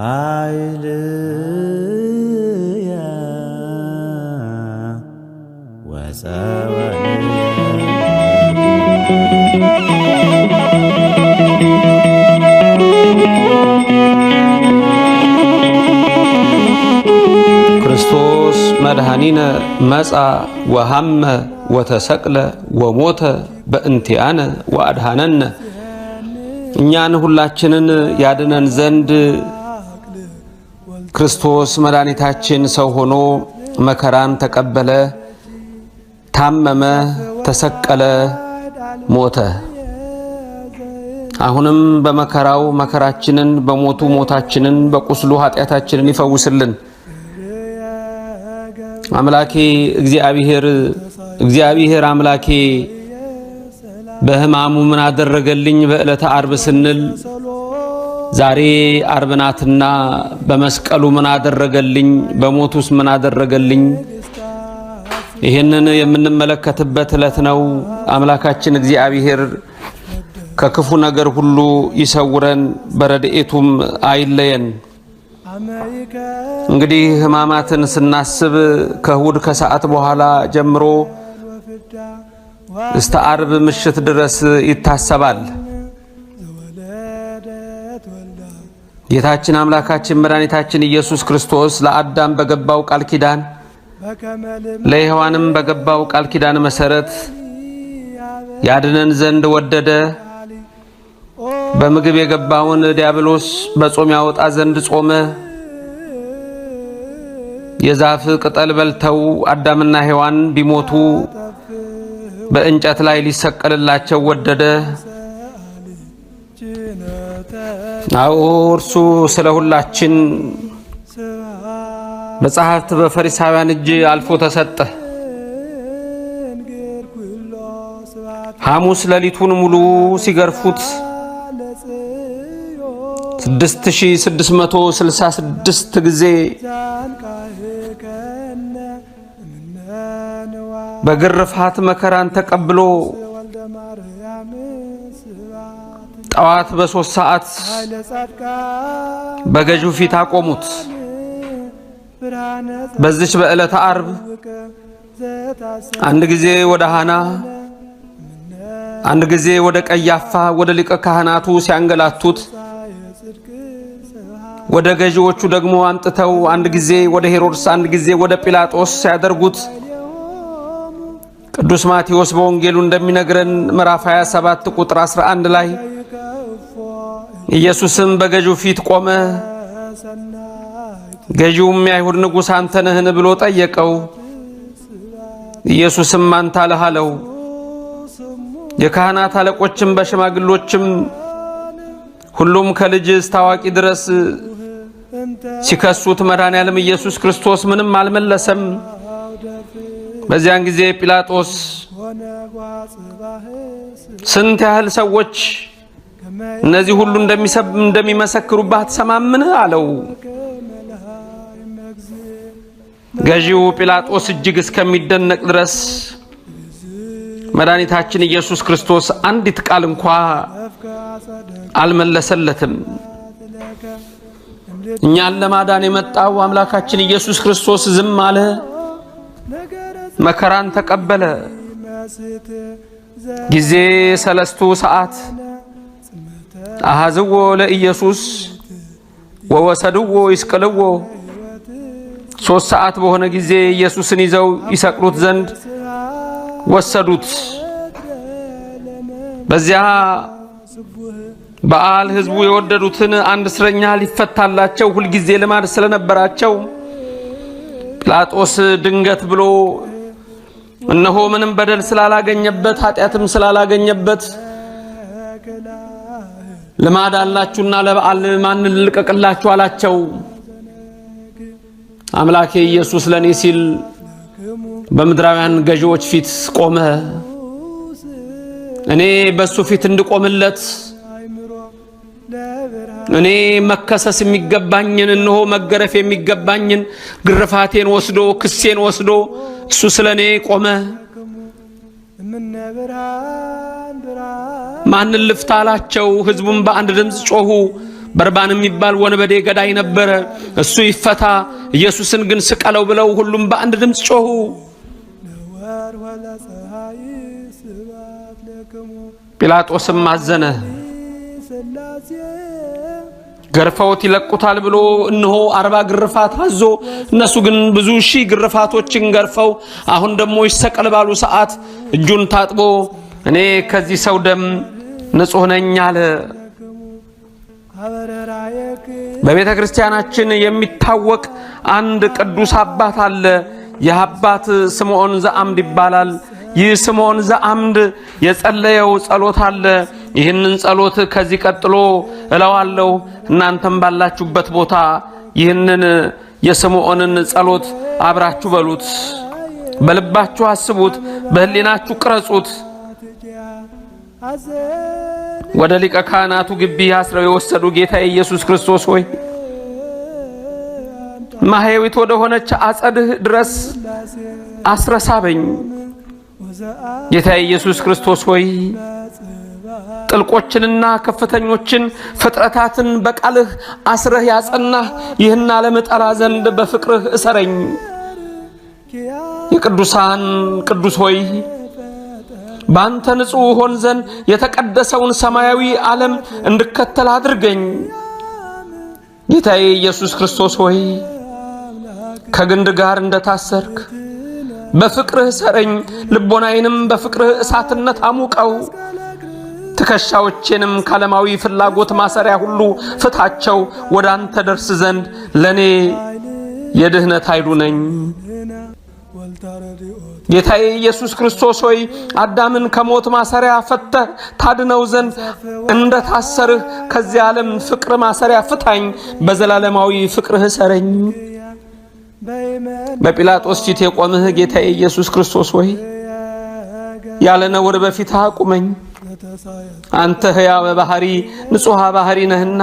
ኃይልየ ክርስቶስ መድኃኒነ መጻ ወሃመ ወተሰቅለ ወሞተ በእንቲአነ ወአድሃነነ እኛን ሁላችንን ያድነን ዘንድ ክርስቶስ መድኃኒታችን ሰው ሆኖ መከራን ተቀበለ፣ ታመመ፣ ተሰቀለ፣ ሞተ። አሁንም በመከራው መከራችንን፣ በሞቱ ሞታችንን፣ በቁስሉ ኃጢአታችንን ይፈውስልን። አምላኬ እግዚአብሔር እግዚአብሔር አምላኬ በሕማሙ ምን አደረገልኝ በዕለተ አርብ ስንል ዛሬ አርብ ናትና በመስቀሉ ምን አደረገልኝ፣ በሞቱስ ምን አደረገልኝ፣ ይህንን የምንመለከትበት ዕለት ነው። አምላካችን እግዚአብሔር ከክፉ ነገር ሁሉ ይሰውረን፣ በረድኤቱም አይለየን። እንግዲህ ሕማማትን ስናስብ ከእሁድ ከሰዓት በኋላ ጀምሮ እስተ አርብ ምሽት ድረስ ይታሰባል። ጌታችን አምላካችን መድኃኒታችን ኢየሱስ ክርስቶስ ለአዳም በገባው ቃል ኪዳን ለሔዋንም በገባው ቃል ኪዳን መሰረት ያድነን ዘንድ ወደደ። በምግብ የገባውን ዲያብሎስ በጾም ያወጣ ዘንድ ጾመ። የዛፍ ቅጠል በልተው አዳምና ሔዋን ቢሞቱ በእንጨት ላይ ሊሰቀልላቸው ወደደ። አዎ እርሱ ስለ ሁላችን በጸሐፍት በፈሪሳውያን እጅ አልፎ ተሰጠ። ሐሙስ ሌሊቱን ሙሉ ሲገርፉት 6666 ጊዜ በግርፋት መከራን ተቀብሎ ጠዋት በሶስት ሰዓት በገዢው ፊት አቆሙት። በዚች በዕለተ አርብ አንድ ጊዜ ወደ ሃና አንድ ጊዜ ወደ ቀያፋ ወደ ሊቀ ካህናቱ ሲያንገላቱት ወደ ገዢዎቹ ደግሞ አምጥተው አንድ ጊዜ ወደ ሄሮድስ አንድ ጊዜ ወደ ጲላጦስ ሲያደርጉት ቅዱስ ማቴዎስ በወንጌሉ እንደሚነግረን ምዕራፍ 27 ቁጥር 11 ላይ ኢየሱስም በገዢው ፊት ቆመ። ገዢውም የአይሁድ ንጉሥ አንተ ነህን ብሎ ጠየቀው። ኢየሱስም አንተ አለህ አለው። የካህናት አለቆችም በሽማግሎችም ሁሉም ከልጅ እስከ አዋቂ ድረስ ሲከሱት መድኃኔዓለም ኢየሱስ ክርስቶስ ምንም አልመለሰም። በዚያን ጊዜ ጲላጦስ ስንት ያህል ሰዎች እነዚህ ሁሉ እንደሚሰብ እንደሚመሰክሩብህ አትሰማምን አለው። ገዢው ጲላጦስ እጅግ እስከሚደነቅ ድረስ መድኃኒታችን ኢየሱስ ክርስቶስ አንዲት ቃል እንኳ አልመለሰለትም። እኛን ለማዳን የመጣው አምላካችን ኢየሱስ ክርስቶስ ዝም አለ፣ መከራን ተቀበለ። ጊዜ ሰለስቱ ሰዓት አሐዝዎ ለኢየሱስ ወወሰድዎ ይስቅልዎ። ሦስት ሰዓት በሆነ ጊዜ ኢየሱስን ይዘው ይሰቅሉት ዘንድ ወሰዱት። በዚያ በዓል ሕዝቡ የወደዱትን አንድ እስረኛ ሊፈታላቸው ሁልጊዜ ልማድ ስለነበራቸው ጲላጦስ ድንገት ብሎ እነሆ ምንም በደል ስላላገኘበት ኃጢአትም ስላላገኘበት ልማድ አላችሁና ለበዓል ማን ልልቀቅላችሁ አላቸው። አምላኬ ኢየሱስ ለእኔ ሲል በምድራውያን ገዢዎች ፊት ቆመ። እኔ በእሱ ፊት እንድቆምለት እኔ መከሰስ የሚገባኝን እነሆ መገረፍ የሚገባኝን ግርፋቴን ወስዶ ክሴን ወስዶ እሱ ስለ እኔ ቆመ። ማንን ልፍታ አላቸው። ህዝቡም በአንድ ድምፅ ጮኹ። በርባን የሚባል ወንበዴ ገዳይ ነበረ፣ እሱ ይፈታ፣ ኢየሱስን ግን ስቀለው ብለው ሁሉም በአንድ ድምፅ ጮኹ። ጲላጦስም አዘነ። ገርፈውት ይለቁታል ብሎ እነሆ አርባ ግርፋት አዞ እነሱ ግን ብዙ ሺህ ግርፋቶችን ገርፈው አሁን ደግሞ ይሰቀል ባሉ ሰዓት እጁን ታጥቦ እኔ ከዚህ ሰው ደም ንጹህ ነኝ አለ። በቤተ ክርስቲያናችን የሚታወቅ አንድ ቅዱስ አባት አለ። ይህ አባት ስምዖን ዘአምድ ይባላል። ይህ ስምዖን ዘአምድ የጸለየው ጸሎት አለ። ይህንን ጸሎት ከዚህ ቀጥሎ እለዋለሁ። እናንተም ባላችሁበት ቦታ ይህንን የስምዖንን ጸሎት አብራችሁ በሉት፣ በልባችሁ አስቡት፣ በህሊናችሁ ቅረጹት። ወደ ሊቀ ካህናቱ ግቢ አስረው የወሰዱ ጌታ ኢየሱስ ክርስቶስ ሆይ ማህያዊት ወደ ሆነች አጸድህ ድረስ አስረሳበኝ። ጌታ ኢየሱስ ክርስቶስ ሆይ ጥልቆችንና ከፍተኞችን ፍጥረታትን በቃልህ አስረህ ያጸናህ ይህን ዓለም ዘንድ በፍቅርህ እሰረኝ። የቅዱሳን ቅዱስ ሆይ በአንተ ንጹሕ እሆን ዘንድ የተቀደሰውን ሰማያዊ ዓለም እንድከተል አድርገኝ። ጌታዬ ኢየሱስ ክርስቶስ ሆይ ከግንድ ጋር እንደታሰርክ በፍቅርህ ሰረኝ፣ ልቦናዬንም በፍቅርህ እሳትነት አሙቀው። ትከሻዎቼንም ከዓለማዊ ፍላጎት ማሰሪያ ሁሉ ፍታቸው። ወደ አንተ ደርስ ዘንድ ለእኔ የድህነት ኃይሉ ነኝ። ጌታዬ ኢየሱስ ክርስቶስ ሆይ አዳምን ከሞት ማሰሪያ ፈተህ ታድነው ዘንድ እንደ ታሰርህ ከዚህ ዓለም ፍቅር ማሰሪያ ፍታኝ፣ በዘላለማዊ ፍቅርህ እሰረኝ። በጲላጦስ ፊት የቆምህ ጌታዬ ኢየሱስ ክርስቶስ ሆይ ያለ ነውር በፊትህ አቁመኝ። አንተ ሕያው በባህሪ ንጹሐ ባህሪ ነህና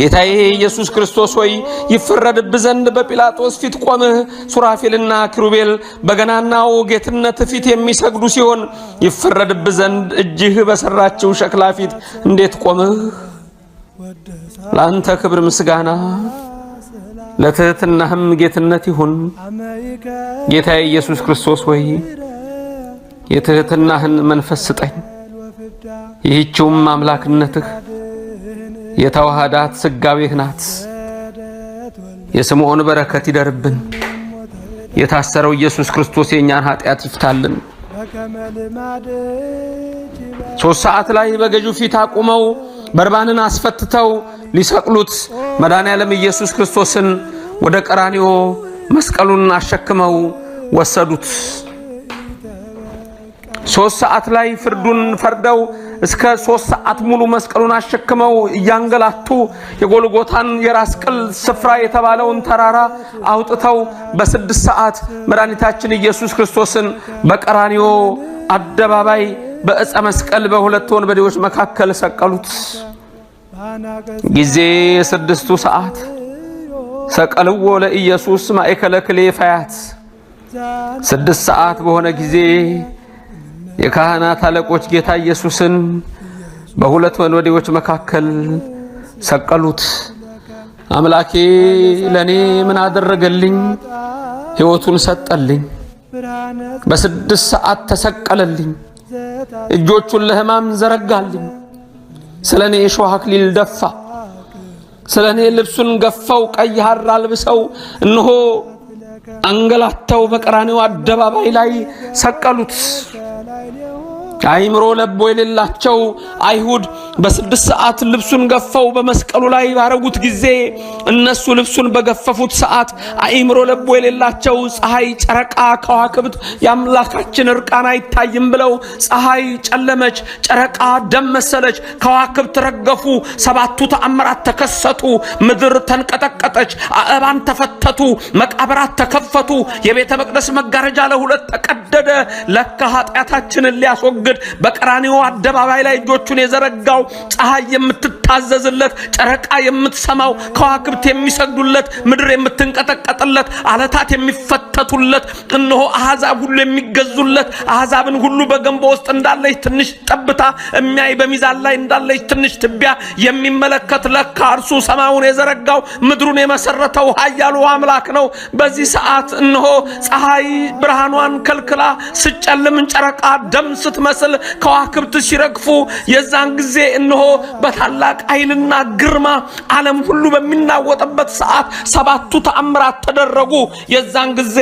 ጌታዬ ኢየሱስ ክርስቶስ ሆይ ይፈረድብ ዘንድ በጲላጦስ ፊት ቆምህ። ሱራፌልና ክሩቤል በገናናው ጌትነት ፊት የሚሰግዱ ሲሆን ይፈረድብ ዘንድ እጅህ በሰራችው ሸክላ ፊት እንዴት ቆምህ? ለአንተ ክብር ምስጋና ለትህትናህም ጌትነት ይሁን። ጌታዬ ኢየሱስ ክርስቶስ ሆይ የትህትናህን መንፈስ ስጠኝ። ይህችውም አምላክነትህ የተዋሃዳት ስጋቤህ ናት። የስምዖን በረከት ይደርብን። የታሰረው ኢየሱስ ክርስቶስ የእኛን ኃጢአት ይፍታልን። ሶስት ሰዓት ላይ በገዢ ፊት አቁመው በርባንን አስፈትተው ሊሰቅሉት መድኃኔ ዓለም ኢየሱስ ክርስቶስን ወደ ቀራኒዮ መስቀሉን አሸክመው ወሰዱት። ሶስት ሰዓት ላይ ፍርዱን ፈርደው እስከ ሶስት ሰዓት ሙሉ መስቀሉን አሸክመው እያንገላቱ የጎልጎታን የራስ ቅል ስፍራ የተባለውን ተራራ አውጥተው በስድስት ሰዓት መድኃኒታችን ኢየሱስ ክርስቶስን በቀራኒዮ አደባባይ በእፀ መስቀል በሁለት ወንበዴዎች መካከል ሰቀሉት። ጊዜ ስድስቱ ሰዓት ሰቀልዎ ለኢየሱስ ማእከለ ክልኤ ፈያት ስድስት ሰዓት በሆነ ጊዜ የካህናት አለቆች ጌታ ኢየሱስን በሁለት ወንበዴዎች መካከል ሰቀሉት። አምላኬ ለኔ ምን አደረገልኝ? ሕይወቱን ሰጠልኝ። በስድስት ሰዓት ተሰቀለልኝ። እጆቹን ለሕማም ዘረጋልኝ። ስለ እኔ የሾህ አክሊል ደፋ። ስለ እኔ ልብሱን ገፈው ቀይ ሐር አልብሰው እነሆ አንገላተው በቀራኔው አደባባይ ላይ ሰቀሉት። አይምሮ ለቦ የሌላቸው አይሁድ በስድስት ሰዓት ልብሱን ገፈው በመስቀሉ ላይ ባረጉት ጊዜ እነሱ ልብሱን በገፈፉት ሰዓት አይምሮ ለቦ የሌላቸው ፀሐይ፣ ጨረቃ፣ ከዋክብት የአምላካችን እርቃን አይታይም ብለው ፀሐይ ጨለመች፣ ጨረቃ ደም መሰለች፣ ከዋክብት ረገፉ፣ ሰባቱ ተአምራት ተከሰቱ፣ ምድር ተንቀጠቀጠች፣ አእባን ተፈተቱ፣ መቃብራት ተከፈቱ፣ የቤተ መቅደስ መጋረጃ ለሁለት ተቀደደ። ለካ ኃጢአታችንን ሊያስወግ ሲያስወግድ በቀራንዮ አደባባይ ላይ እጆቹን የዘረጋው ፀሐይ የምትታዘዝለት፣ ጨረቃ የምትሰማው፣ ከዋክብት የሚሰግዱለት፣ ምድር የምትንቀጠቀጥለት፣ አለታት የሚፈተቱለት፣ እነሆ አሕዛብ ሁሉ የሚገዙለት፣ አሕዛብን ሁሉ በገንቦ ውስጥ እንዳለች ትንሽ ጠብታ የሚያይ በሚዛን ላይ እንዳለች ትንሽ ትቢያ የሚመለከት ለካ እርሱ ሰማዩን የዘረጋው ምድሩን የመሰረተው ኃያሉ አምላክ ነው። በዚህ ሰዓት እነሆ ፀሐይ ብርሃኗን ከልክላ ስጨልምን ጨረቃ ደም ስትመ ሲመስል ከዋክብት ሲረግፉ የዛን ጊዜ እነሆ በታላቅ ኃይልና ግርማ ዓለም ሁሉ በሚናወጥበት ሰዓት ሰባቱ ተአምራት ተደረጉ። የዛን ጊዜ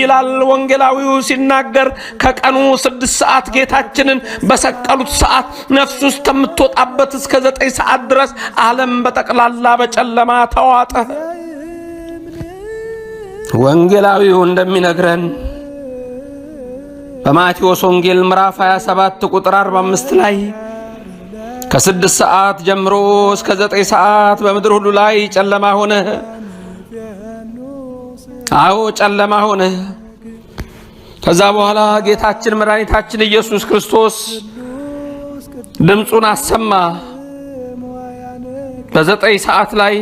ይላል ወንጌላዊው ሲናገር ከቀኑ ስድስት ሰዓት ጌታችንን በሰቀሉት ሰዓት ነፍሱ እስከምትወጣበት እስከ ዘጠኝ ሰዓት ድረስ ዓለም በጠቅላላ በጨለማ ተዋጠ። ወንጌላዊው እንደሚነግረን በማቴዎስ ወንጌል ምዕራፍ 27 ቁጥር 45 ላይ ከስድስት ሰዓት ጀምሮ እስከ ዘጠኝ ሰዓት በምድር ሁሉ ላይ ጨለማ ሆነ። አዎ ጨለማ ሆነ። ከዛ በኋላ ጌታችን መድኃኒታችን ኢየሱስ ክርስቶስ ድምፁን አሰማ። በዘጠኝ ሰዓት ላይ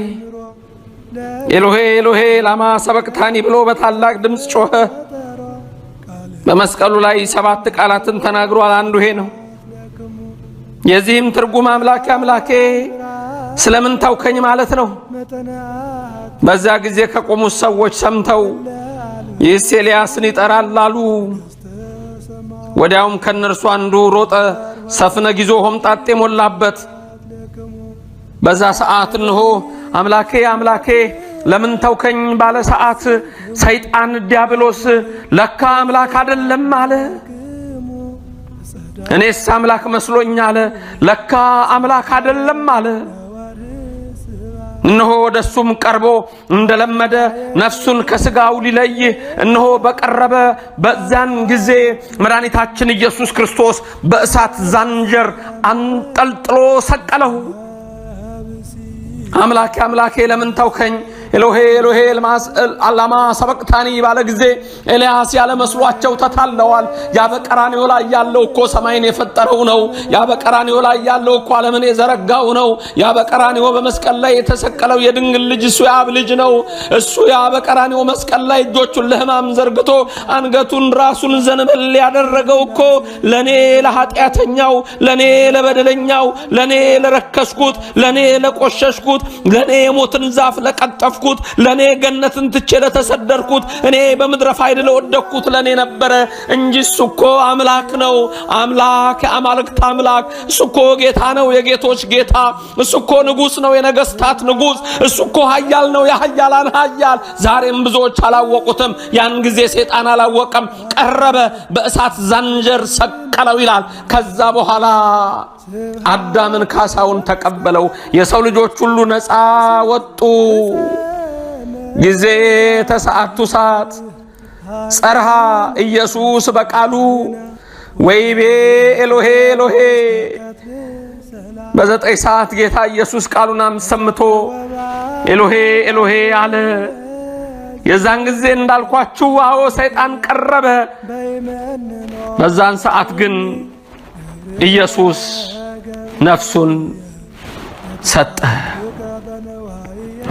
ኤሎሄ ኤሎሄ ላማ ሰበቅታኒ ብሎ በታላቅ ድምፅ ጮኸ። በመስቀሉ ላይ ሰባት ቃላትን ተናግሯል። አንዱ ይሄ ነው። የዚህም ትርጉም አምላኬ አምላኬ ስለምን ታውከኝ ማለት ነው። በዛ ጊዜ ከቆሙት ሰዎች ሰምተው ይህስ ኤልያስን ይጠራል አሉ። ወዲያውም ከእነርሱ አንዱ ሮጠ፣ ሰፍነ ጊዞ ሆምጣጤ ሞላበት። በዛ ሰዓት እንሆ አምላኬ አምላኬ ለምን ተውከኝ ባለ ሰዓት ሰይጣን ዲያብሎስ ለካ አምላክ አይደለም አለ። እኔስ አምላክ መስሎኝ አለ። ለካ አምላክ አይደለም አለ። እነሆ ወደሱም ቀርቦ እንደለመደ ነፍሱን ከስጋው ሊለይ እነሆ በቀረበ በዛን ጊዜ መድኃኒታችን ኢየሱስ ክርስቶስ በእሳት ዛንጀር አንጠልጥሎ ሰቀለው። አምላኬ አምላኬ ለምን ተውከኝ ኤሎሄ ኤሎሄ አላማ ሰበቅታኒ ባለ ጊዜ ኤልያስ ያለ መስሏቸው ተታለዋል። ያ በቀራንዮ ላይ ያለው እኮ ሰማይን የፈጠረው ነው። ያ በቀራንዮ ላይ ያለው እኮ ዓለምን የዘረጋው ነው። ያ በቀራንዮ በመስቀል ላይ የተሰቀለው የድንግል ልጅ እሱ የአብ ልጅ ነው። እሱ ያ በቀራንዮ መስቀል ላይ እጆቹን ለሕማም ዘርግቶ አንገቱን ራሱን ዘንበል ያደረገው እኮ ለኔ ለኃጢአተኛው፣ ለኔ ለበደለኛው፣ ለኔ ለረከስኩት፣ ለኔ ለቆሸሽኩት፣ ለእኔ የሞትን ዛፍ ለቀጠፉ ለተገረፍኩት፣ ለኔ ገነትን ትቼ ለተሰደርኩት፣ እኔ በምድረ ፋይድ ለወደቅኩት ለኔ ነበረ እንጂ እሱ እኮ አምላክ ነው፣ አምላክ የአማልክት አምላክ። እሱ እኮ ጌታ ነው፣ የጌቶች ጌታ። እሱ እኮ ንጉሥ ነው፣ የነገስታት ንጉሥ። እሱ እኮ ኃያል ነው፣ የኃያላን ኃያል። ዛሬም ብዙዎች አላወቁትም። ያን ጊዜ ሴጣን አላወቀም። ቀረበ፣ በእሳት ዛንጀር ሰቀለው ይላል። ከዛ በኋላ አዳምን ካሳውን ተቀበለው። የሰው ልጆች ሁሉ ነፃ ወጡ። ጊዜ ተሰዓቱ ሰዓት ጸርሃ ኢየሱስ በቃሉ ወይቤ ኤሎሄ ኤሎሄ በዘጠኝ ሰዓት ጌታ ኢየሱስ ቃሉን አሰምቶ ኤሎሄ ኤሎሄ አለ። የዛን ጊዜ እንዳልኳችሁ አዎ ሰይጣን ቀረበ። በዛን ሰዓት ግን ኢየሱስ ነፍሱን ሰጠ።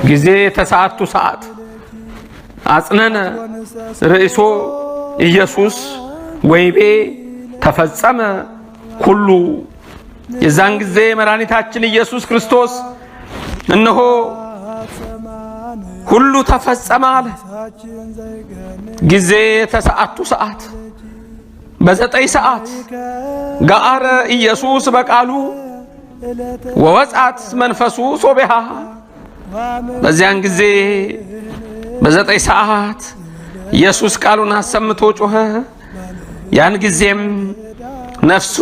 ጊዜ ተሰዓቱ ሰዓት አጽነነ ርእሶ ኢየሱስ ወይቤ ተፈጸመ ሁሉ። የዛን ጊዜ መድኃኒታችን ኢየሱስ ክርስቶስ እነሆ ሁሉ ተፈጸመ አለ። ጊዜ ተሰዓቱ ሰዓት በዘጠኝ ሰዓት ገአረ ኢየሱስ በቃሉ ወወጻት መንፈሱ ሶቤሃ በዚያን ጊዜ በዘጠኝ ሰዓት ኢየሱስ ቃሉን አሰምቶ ጮኸ። ያን ጊዜም ነፍሱ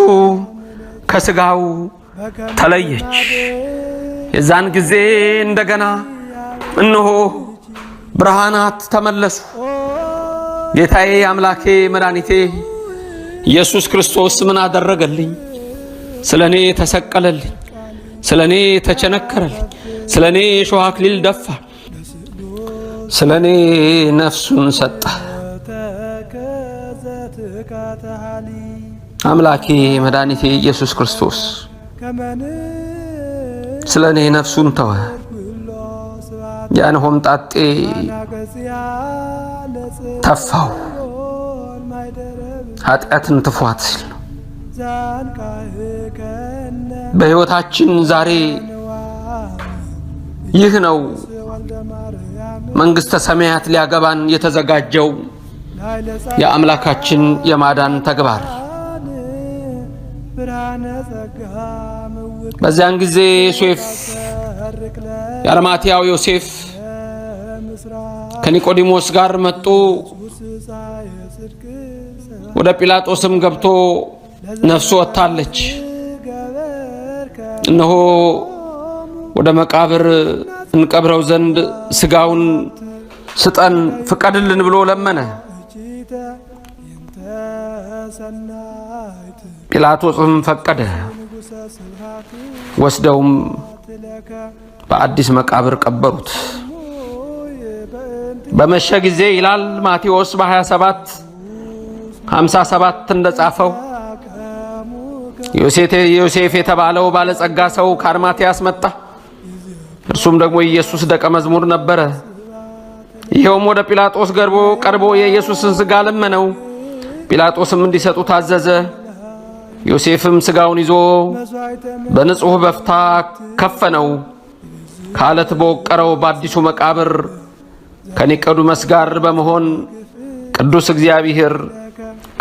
ከስጋው ተለየች። የዛን ጊዜ እንደገና እነሆ ብርሃናት ተመለሱ። ጌታዬ አምላኬ መድኃኒቴ ኢየሱስ ክርስቶስ ምን አደረገልኝ? ስለ እኔ ተሰቀለልኝ፣ ስለ እኔ ተቸነከረልኝ፣ ስለ እኔ የሾህ አክሊል ደፋ ስለ እኔ ነፍሱን ሰጠ። አምላኬ መድኃኒቴ ኢየሱስ ክርስቶስ ስለ እኔ ነፍሱን ተወ። ያን ሆምጣጤ ተፋው። ኃጢአትን ትፏት ሲል ነው። በሕይወታችን ዛሬ ይህ ነው መንግሥተ ሰማያት ሊያገባን የተዘጋጀው የአምላካችን የማዳን ተግባር በዚያን ጊዜ ዮሴፍ የአርማትያው ዮሴፍ ከኒቆዲሞስ ጋር መጡ። ወደ ጲላጦስም ገብቶ ነፍሱ ወጥታለች፣ እነሆ ወደ መቃብር እንቀብረው ዘንድ ስጋውን ስጠን ፍቀድልን ብሎ ለመነ። ጲላጦስም ፈቀደ። ወስደውም በአዲስ መቃብር ቀበሩት። በመሸ ጊዜ ይላል ማቴዎስ በ27 57 እንደጻፈው ዮሴፍ የተባለው ባለጸጋ ሰው ከአርማቴያስ መጣ። እርሱም ደግሞ ኢየሱስ ደቀ መዝሙር ነበረ። ይኸውም ወደ ጲላጦስ ገርቦ ቀርቦ የኢየሱስን ሥጋ ለመነው። ጲላጦስም እንዲሰጡ ታዘዘ። ዮሴፍም ሥጋውን ይዞ በንጹሕ በፍታ ከፈነው፣ ከዓለት በወቀረው በአዲሱ መቃብር ከኒቆዲሞስ ጋር በመሆን ቅዱስ እግዚአብሔር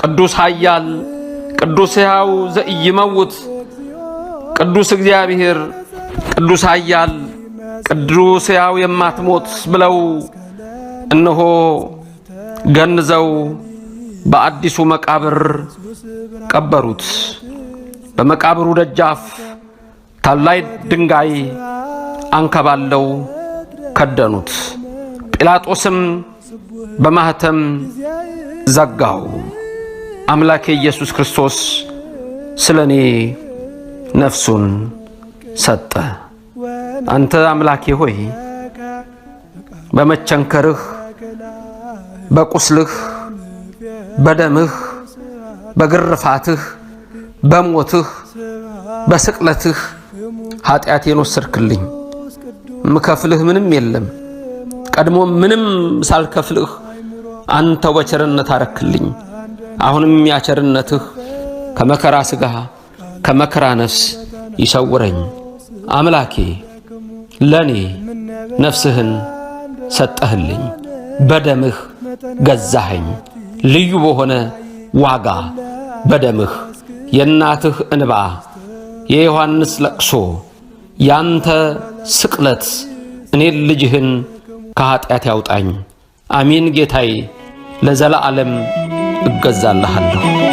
ቅዱስ ኃያል ቅዱስ ሕያው ዘኢይመውት ቅዱስ እግዚአብሔር ቅዱስ ኃያል ቅዱስ ሕያው የማትሞት ብለው እነሆ ገንዘው በአዲሱ መቃብር ቀበሩት። በመቃብሩ ደጃፍ ታላይ ድንጋይ አንከባለው ከደኑት። ጲላጦስም በማህተም ዘጋው። አምላኬ ኢየሱስ ክርስቶስ ስለ እኔ ነፍሱን ሰጠ። አንተ አምላኬ ሆይ በመቸንከርህ በቁስልህ በደምህ በግርፋትህ በሞትህ በስቅለትህ ኃጢአቴን ወሰድክልኝ። ምከፍልህ ምንም የለም። ቀድሞ ምንም ሳልከፍልህ አንተው በቸርነት አረክልኝ። አሁንም ያቸርነትህ ከመከራ ስጋ ከመከራ ነፍስ ይሰውረኝ አምላኬ ለኔ ነፍስህን ሰጠህልኝ፣ በደምህ ገዛኸኝ። ልዩ በሆነ ዋጋ በደምህ የእናትህ እንባ፣ የዮሐንስ ለቅሶ፣ ያንተ ስቅለት እኔን ልጅህን ከኀጢአት ያውጣኝ። አሚን ጌታዬ፣ ለዘለዓለም እገዛልሃለሁ።